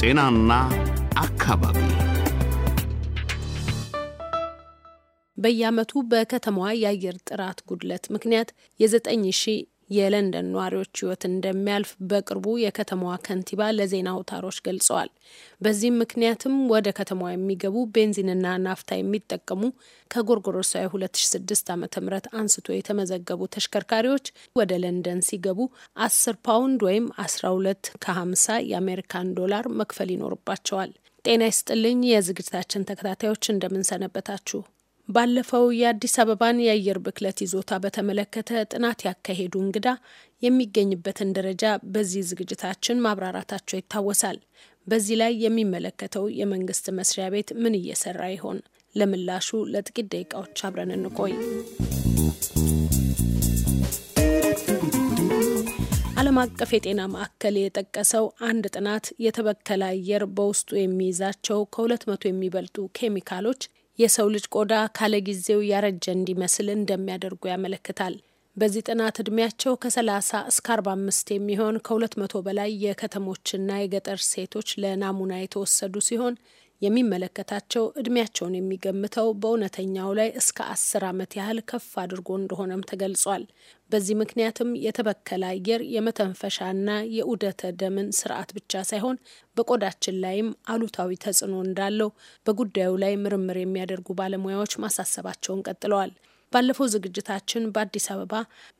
ጤናና አካባቢ በየዓመቱ በከተማዋ የአየር ጥራት ጉድለት ምክንያት የዘጠኝ ሺህ የለንደን ነዋሪዎች ሕይወት እንደሚያልፍ በቅርቡ የከተማዋ ከንቲባ ለዜና አውታሮች ገልጸዋል። በዚህም ምክንያትም ወደ ከተማዋ የሚገቡ ቤንዚንና ናፍታ የሚጠቀሙ ከጎርጎሮሳዊ 2006 ዓ ም አንስቶ የተመዘገቡ ተሽከርካሪዎች ወደ ለንደን ሲገቡ 10 ፓውንድ ወይም 12 ከ50 የአሜሪካን ዶላር መክፈል ይኖርባቸዋል። ጤና ይስጥልኝ የዝግጅታችን ተከታታዮች እንደምንሰነበታችሁ ባለፈው የአዲስ አበባን የአየር ብክለት ይዞታ በተመለከተ ጥናት ያካሄዱ እንግዳ የሚገኝበትን ደረጃ በዚህ ዝግጅታችን ማብራራታቸው ይታወሳል። በዚህ ላይ የሚመለከተው የመንግስት መስሪያ ቤት ምን እየሰራ ይሆን? ለምላሹ ለጥቂት ደቂቃዎች አብረን እንቆይ። ዓለም አቀፍ የጤና ማዕከል የጠቀሰው አንድ ጥናት የተበከለ አየር በውስጡ የሚይዛቸው ከሁለት መቶ የሚበልጡ ኬሚካሎች የሰው ልጅ ቆዳ ካለ ጊዜው ያረጀ እንዲመስል እንደሚያደርጉ ያመለክታል። በዚህ ጥናት እድሜያቸው ከ30 እስከ 45 የሚሆን ከ200 በላይ የከተሞችና የገጠር ሴቶች ለናሙና የተወሰዱ ሲሆን የሚመለከታቸው እድሜያቸውን የሚገምተው በእውነተኛው ላይ እስከ አስር ዓመት ያህል ከፍ አድርጎ እንደሆነም ተገልጿል። በዚህ ምክንያትም የተበከለ አየር የመተንፈሻና የዑደተ ደምን ስርዓት ብቻ ሳይሆን በቆዳችን ላይም አሉታዊ ተጽዕኖ እንዳለው በጉዳዩ ላይ ምርምር የሚያደርጉ ባለሙያዎች ማሳሰባቸውን ቀጥለዋል። ባለፈው ዝግጅታችን በአዲስ አበባ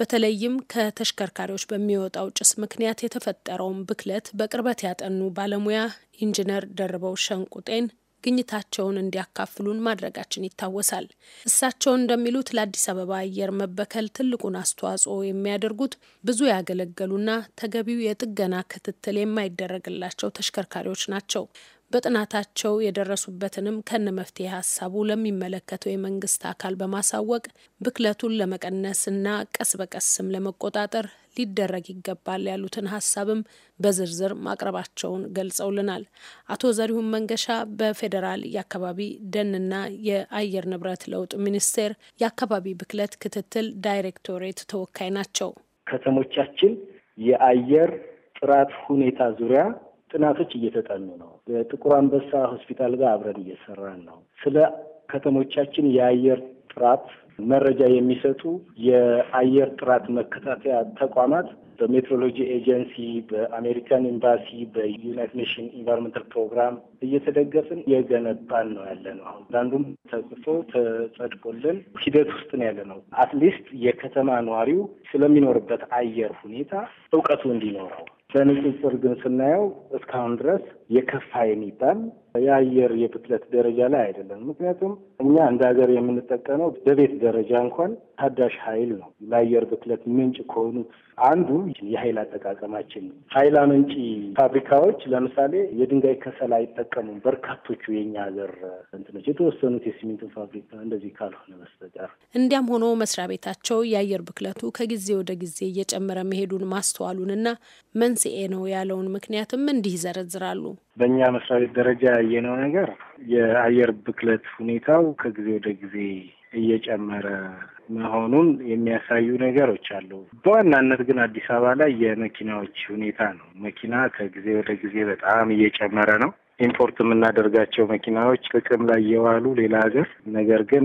በተለይም ከተሽከርካሪዎች በሚወጣው ጭስ ምክንያት የተፈጠረውን ብክለት በቅርበት ያጠኑ ባለሙያ ኢንጂነር ደርበው ሸንቁጤን ግኝታቸውን እንዲያካፍሉን ማድረጋችን ይታወሳል። እሳቸው እንደሚሉት ለአዲስ አበባ አየር መበከል ትልቁን አስተዋጽኦ የሚያደርጉት ብዙ ያገለገሉና ተገቢው የጥገና ክትትል የማይደረግላቸው ተሽከርካሪዎች ናቸው። በጥናታቸው የደረሱበትንም ከነ መፍትሄ ሀሳቡ ለሚመለከተው የመንግስት አካል በማሳወቅ ብክለቱን ለመቀነስ እና ቀስ በቀስም ለመቆጣጠር ሊደረግ ይገባል ያሉትን ሀሳብም በዝርዝር ማቅረባቸውን ገልጸውልናል። አቶ ዘሪሁን መንገሻ በፌዴራል የአካባቢ ደንና የአየር ንብረት ለውጥ ሚኒስቴር የአካባቢ ብክለት ክትትል ዳይሬክቶሬት ተወካይ ናቸው። ከተሞቻችን የአየር ጥራት ሁኔታ ዙሪያ ጥናቶች እየተጠኑ ነው። በጥቁር አንበሳ ሆስፒታል ጋር አብረን እየሰራን ነው። ስለ ከተሞቻችን የአየር ጥራት መረጃ የሚሰጡ የአየር ጥራት መከታተያ ተቋማት በሜትሮሎጂ ኤጀንሲ፣ በአሜሪካን ኤምባሲ፣ በዩናይት ኔሽን ኢንቫይሮንመንታል ፕሮግራም እየተደገፍን የገነባን ነው ያለ ነው። አሁን አንዳንዱም ተጽፎ ተጸድቆልን ሂደት ውስጥ ነው ያለ ነው። አትሊስት የከተማ ነዋሪው ስለሚኖርበት አየር ሁኔታ እውቀቱ እንዲኖረው በንጽጽር ግን ስናየው እስካሁን ድረስ የከፋ የሚባል የአየር የብክለት ደረጃ ላይ አይደለም። ምክንያቱም እኛ እንደ ሀገር የምንጠቀመው በቤት ደረጃ እንኳን ታዳሽ ኃይል ነው። ለአየር ብክለት ምንጭ ከሆኑት አንዱ የኃይል አጠቃቀማችን ነው። ኃይል አመንጪ ፋብሪካዎች ለምሳሌ የድንጋይ ከሰል አይጠቀሙም። በርካቶቹ የኛ ሀገር እንትኖች የተወሰኑት የሲሚንቶ ፋብሪካ እንደዚህ ካልሆነ በስተቀር። እንዲያም ሆኖ መስሪያ ቤታቸው የአየር ብክለቱ ከጊዜ ወደ ጊዜ እየጨመረ መሄዱን ማስተዋሉንና መንስኤ ነው ያለውን ምክንያትም እንዲህ ይዘረዝራሉ። በእኛ መስሪያ ቤት ደረጃ ያየነው ነገር የአየር ብክለት ሁኔታው ከጊዜ ወደ ጊዜ እየጨመረ መሆኑን የሚያሳዩ ነገሮች አሉ። በዋናነት ግን አዲስ አበባ ላይ የመኪናዎች ሁኔታ ነው። መኪና ከጊዜ ወደ ጊዜ በጣም እየጨመረ ነው። ኢምፖርት የምናደርጋቸው መኪናዎች ጥቅም ላይ የዋሉ ሌላ ሀገር፣ ነገር ግን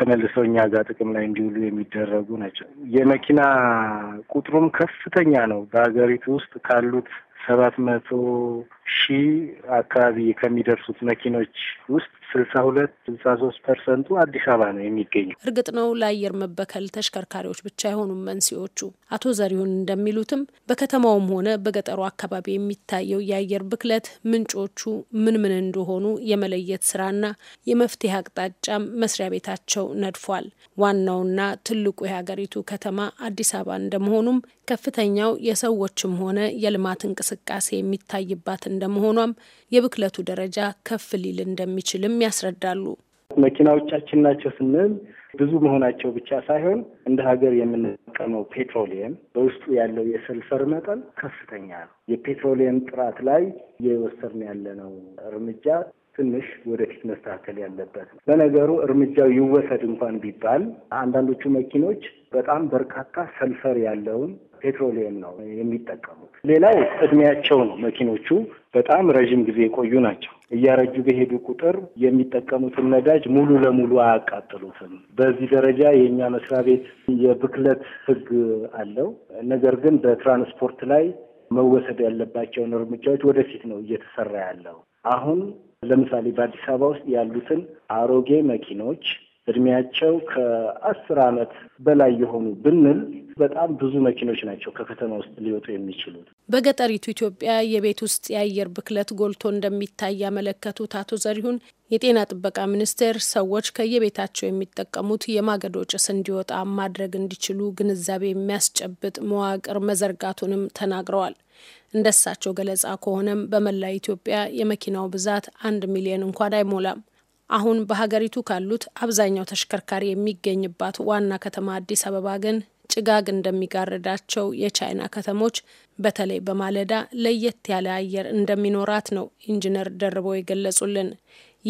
ተመልሰው እኛ ጋር ጥቅም ላይ እንዲውሉ የሚደረጉ ናቸው። የመኪና ቁጥሩም ከፍተኛ ነው። በሀገሪቱ ውስጥ ካሉት ሰባት መቶ ሺህ አካባቢ ከሚደርሱት መኪኖች ውስጥ ስልሳ ሁለት ስልሳ ሶስት ፐርሰንቱ አዲስ አበባ ነው የሚገኙ። እርግጥ ነው ለአየር መበከል ተሽከርካሪዎች ብቻ አይሆኑም መንስኤዎቹ። አቶ ዘሪሁን እንደሚሉትም በከተማውም ሆነ በገጠሩ አካባቢ የሚታየው የአየር ብክለት ምንጮቹ ምን ምን እንደሆኑ የመለየት ስራና የመፍትሄ አቅጣጫም መስሪያ ቤታቸው ነድፏል። ዋናውና ትልቁ የሀገሪቱ ከተማ አዲስ አበባ እንደመሆኑም ከፍተኛው የሰዎችም ሆነ የልማት እንቅስቃሴ የሚታይባት እንደመሆኗም የብክለቱ ደረጃ ከፍ ሊል እንደሚችልም ያስረዳሉ። መኪናዎቻችን ናቸው ስንል ብዙ መሆናቸው ብቻ ሳይሆን እንደ ሀገር የምንጠቀመው ፔትሮሊየም በውስጡ ያለው የሰልፈር መጠን ከፍተኛ ነው። የፔትሮሊየም ጥራት ላይ እየወሰድን ያለነው እርምጃ ትንሽ ወደፊት መስተካከል ያለበት ነው። እርምጃው ይወሰድ እንኳን ቢባል አንዳንዶቹ መኪኖች በጣም በርካታ ሰልፈር ያለውን ፔትሮሊየም ነው የሚጠቀሙት። ሌላው እድሜያቸው ነው። መኪኖቹ በጣም ረዥም ጊዜ የቆዩ ናቸው። እያረጁ በሄዱ ቁጥር የሚጠቀሙትን ነዳጅ ሙሉ ለሙሉ አያቃጥሉትም። በዚህ ደረጃ የእኛ መስሪያ ቤት የብክለት ህግ አለው። ነገር ግን በትራንስፖርት ላይ መወሰድ ያለባቸውን እርምጃዎች ወደፊት ነው እየተሰራ ያለው። አሁን ለምሳሌ በአዲስ አበባ ውስጥ ያሉትን አሮጌ መኪኖች እድሜያቸው ከአስር ዓመት በላይ የሆኑ ብንል በጣም ብዙ መኪኖች ናቸው ከከተማ ውስጥ ሊወጡ የሚችሉት። በገጠሪቱ ኢትዮጵያ የቤት ውስጥ የአየር ብክለት ጎልቶ እንደሚታይ ያመለከቱት አቶ ዘሪሁን የጤና ጥበቃ ሚኒስቴር ሰዎች ከየቤታቸው የሚጠቀሙት የማገዶ ጭስ እንዲወጣ ማድረግ እንዲችሉ ግንዛቤ የሚያስጨብጥ መዋቅር መዘርጋቱንም ተናግረዋል። እንደሳቸው ገለጻ ከሆነም በመላ ኢትዮጵያ የመኪናው ብዛት አንድ ሚሊዮን እንኳን አይሞላም። አሁን በሀገሪቱ ካሉት አብዛኛው ተሽከርካሪ የሚገኝባት ዋና ከተማ አዲስ አበባ ግን ጭጋግ እንደሚጋርዳቸው የቻይና ከተሞች በተለይ በማለዳ ለየት ያለ አየር እንደሚኖራት ነው ኢንጂነር ደርበው የገለጹልን።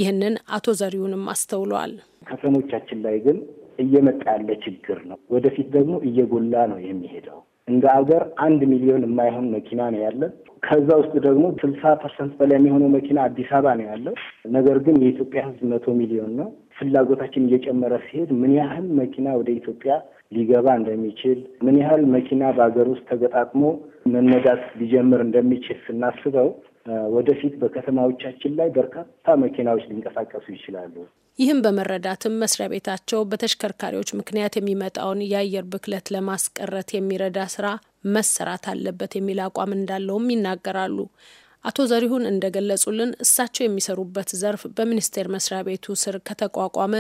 ይህንን አቶ ዘሪሁንም አስተውለዋል። ከተሞቻችን ላይ ግን እየመጣ ያለ ችግር ነው። ወደፊት ደግሞ እየጎላ ነው የሚሄደው። እንደ ሀገር አንድ ሚሊዮን የማይሆን መኪና ነው ያለን። ከዛ ውስጥ ደግሞ ስልሳ ፐርሰንት በላይ የሚሆነው መኪና አዲስ አበባ ነው ያለው። ነገር ግን የኢትዮጵያ ሕዝብ መቶ ሚሊዮን ነው። ፍላጎታችን እየጨመረ ሲሄድ ምን ያህል መኪና ወደ ኢትዮጵያ ሊገባ እንደሚችል ምን ያህል መኪና በሀገር ውስጥ ተገጣጥሞ መነዳት ሊጀምር እንደሚችል ስናስበው ወደፊት በከተማዎቻችን ላይ በርካታ መኪናዎች ሊንቀሳቀሱ ይችላሉ። ይህም በመረዳትም መስሪያ ቤታቸው በተሽከርካሪዎች ምክንያት የሚመጣውን የአየር ብክለት ለማስቀረት የሚረዳ ስራ መሰራት አለበት የሚል አቋም እንዳለውም ይናገራሉ። አቶ ዘሪሁን እንደገለጹልን እሳቸው የሚሰሩበት ዘርፍ በሚኒስቴር መስሪያ ቤቱ ስር ከተቋቋመ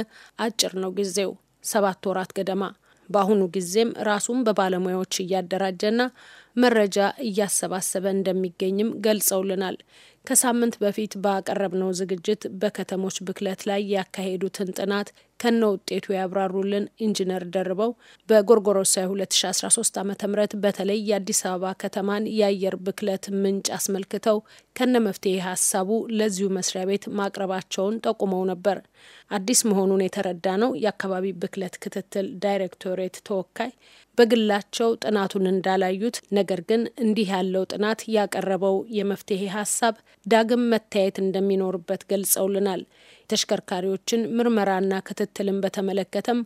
አጭር ነው ጊዜው፣ ሰባት ወራት ገደማ። በአሁኑ ጊዜም ራሱን በባለሙያዎች እያደራጀና መረጃ እያሰባሰበ እንደሚገኝም ገልጸውልናል። ከሳምንት በፊት ባቀረብነው ዝግጅት በከተሞች ብክለት ላይ ያካሄዱትን ጥናት ከነ ውጤቱ ያብራሩልን ኢንጂነር ደርበው በጎርጎሮሳዊ 2013 ዓ ም በተለይ የአዲስ አበባ ከተማን የአየር ብክለት ምንጭ አስመልክተው ከነ መፍትሄ ሀሳቡ ለዚሁ መስሪያ ቤት ማቅረባቸውን ጠቁመው ነበር። አዲስ መሆኑን የተረዳ ነው የአካባቢ ብክለት ክትትል ዳይሬክቶሬት ተወካይ በግላቸው ጥናቱን እንዳላዩት፣ ነገር ግን እንዲህ ያለው ጥናት ያቀረበው የመፍትሄ ሀሳብ ዳግም መታየት እንደሚኖርበት ገልጸውልናል። ተሽከርካሪዎችን ምርመራና ክትትልን በተመለከተም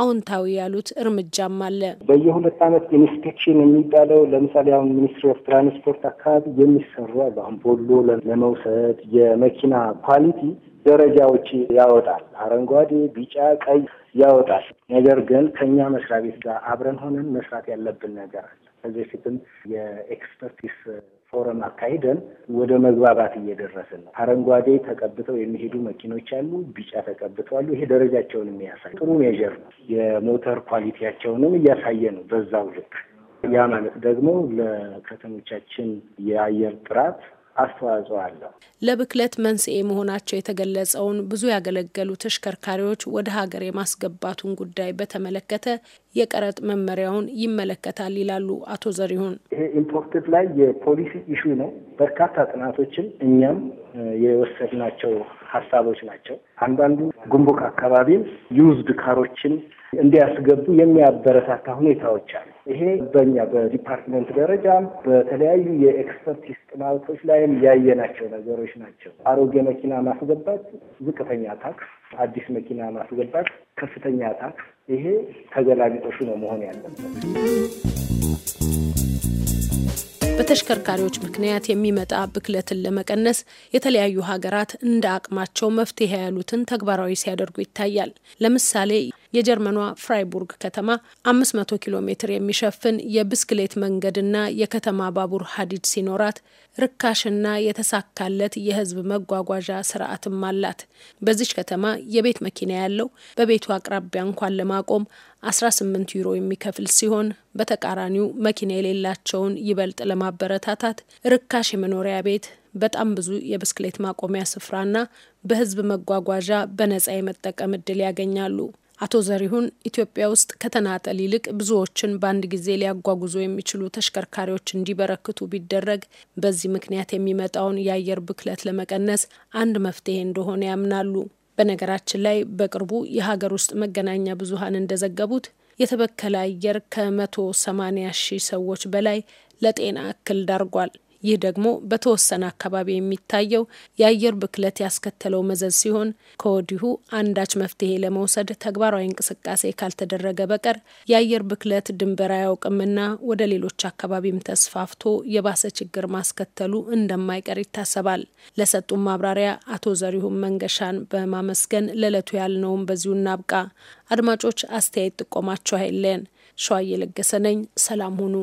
አዎንታዊ ያሉት እርምጃም አለ። በየሁለት ዓመት ኢንስፔክሽን የሚባለው ለምሳሌ አሁን ሚኒስትሪ ኦፍ ትራንስፖርት አካባቢ የሚሰሩ አሁን ቦሎ ለመውሰድ የመኪና ኳሊቲ ደረጃዎች ያወጣል። አረንጓዴ፣ ቢጫ፣ ቀይ ያወጣል። ነገር ግን ከኛ መስሪያ ቤት ጋር አብረን ሆነን መስራት ያለብን ነገር አለ። ከዚህ ፊትም የኤክስፐርቲስ ፎረም አካሂደን ወደ መግባባት እየደረስን ነው። አረንጓዴ ተቀብተው የሚሄዱ መኪኖች አሉ፣ ቢጫ ተቀብተው አሉ። ይሄ ደረጃቸውን የሚያሳይ ጥሩ ሜዥር ነው። የሞተር ኳሊቲያቸውንም እያሳየ ነው በዛው ልክ። ያ ማለት ደግሞ ለከተሞቻችን የአየር ጥራት አስተዋጽኦ አለው። ለብክለት መንስኤ መሆናቸው የተገለጸውን ብዙ ያገለገሉ ተሽከርካሪዎች ወደ ሀገር የማስገባቱን ጉዳይ በተመለከተ የቀረጥ መመሪያውን ይመለከታል ይላሉ አቶ ዘሪሁን። ይሄ ኢምፖርትድ ላይ የፖሊሲ ኢሹ ነው። በርካታ ጥናቶችን እኛም የወሰድናቸው ሀሳቦች ናቸው። አንዳንዱ ጉምሩክ አካባቢም ዩዝድ ካሮችን እንዲያስገቡ የሚያበረታታ ሁኔታዎች አሉ። ይሄ በእኛ በዲፓርትመንት ደረጃ በተለያዩ የኤክስፐርቲስ ጥናቶች ላይም ያየናቸው ነገሮች ናቸው። አሮጌ መኪና ማስገባት ዝቅተኛ ታክስ፣ አዲስ መኪና ማስገባት ከፍተኛ ታክስ። ይሄ ተገላቢጦሹ ነው መሆን ያለበት። በተሽከርካሪዎች ምክንያት የሚመጣ ብክለትን ለመቀነስ የተለያዩ ሀገራት እንደ አቅማቸው መፍትሄ ያሉትን ተግባራዊ ሲያደርጉ ይታያል። ለምሳሌ የጀርመኗ ፍራይቡርግ ከተማ 500 ኪሎ ሜትር የሚሸፍን የብስክሌት መንገድና የከተማ ባቡር ሀዲድ ሲኖራት ርካሽና የተሳካለት የሕዝብ መጓጓዣ ስርዓትም አላት። በዚች ከተማ የቤት መኪና ያለው በቤቱ አቅራቢያ እንኳን ለማቆም 18 ዩሮ የሚከፍል ሲሆን በተቃራኒው መኪና የሌላቸውን ይበልጥ ለማበረታታት ርካሽ የመኖሪያ ቤት፣ በጣም ብዙ የብስክሌት ማቆሚያ ስፍራና በህዝብ መጓጓዣ በነጻ የመጠቀም እድል ያገኛሉ። አቶ ዘሪሁን ኢትዮጵያ ውስጥ ከተናጠል ይልቅ ብዙዎችን በአንድ ጊዜ ሊያጓጉዞ የሚችሉ ተሽከርካሪዎች እንዲበረክቱ ቢደረግ በዚህ ምክንያት የሚመጣውን የአየር ብክለት ለመቀነስ አንድ መፍትሄ እንደሆነ ያምናሉ። በነገራችን ላይ በቅርቡ የሀገር ውስጥ መገናኛ ብዙሃን እንደዘገቡት የተበከለ አየር ከመቶ 8 ሺህ ሰዎች በላይ ለጤና እክል ዳርጓል። ይህ ደግሞ በተወሰነ አካባቢ የሚታየው የአየር ብክለት ያስከተለው መዘዝ ሲሆን ከወዲሁ አንዳች መፍትሄ ለመውሰድ ተግባራዊ እንቅስቃሴ ካልተደረገ በቀር የአየር ብክለት ድንበር አያውቅምና ወደ ሌሎች አካባቢም ተስፋፍቶ የባሰ ችግር ማስከተሉ እንደማይቀር ይታሰባል። ለሰጡን ማብራሪያ አቶ ዘሪሁን መንገሻን በማመስገን ለዕለቱ ያልነውም በዚሁ እናብቃ። አድማጮች አስተያየት ጥቆማቸው አይለን። ሸዋዬ ለገሰ ነኝ። ሰላም ሁኑ።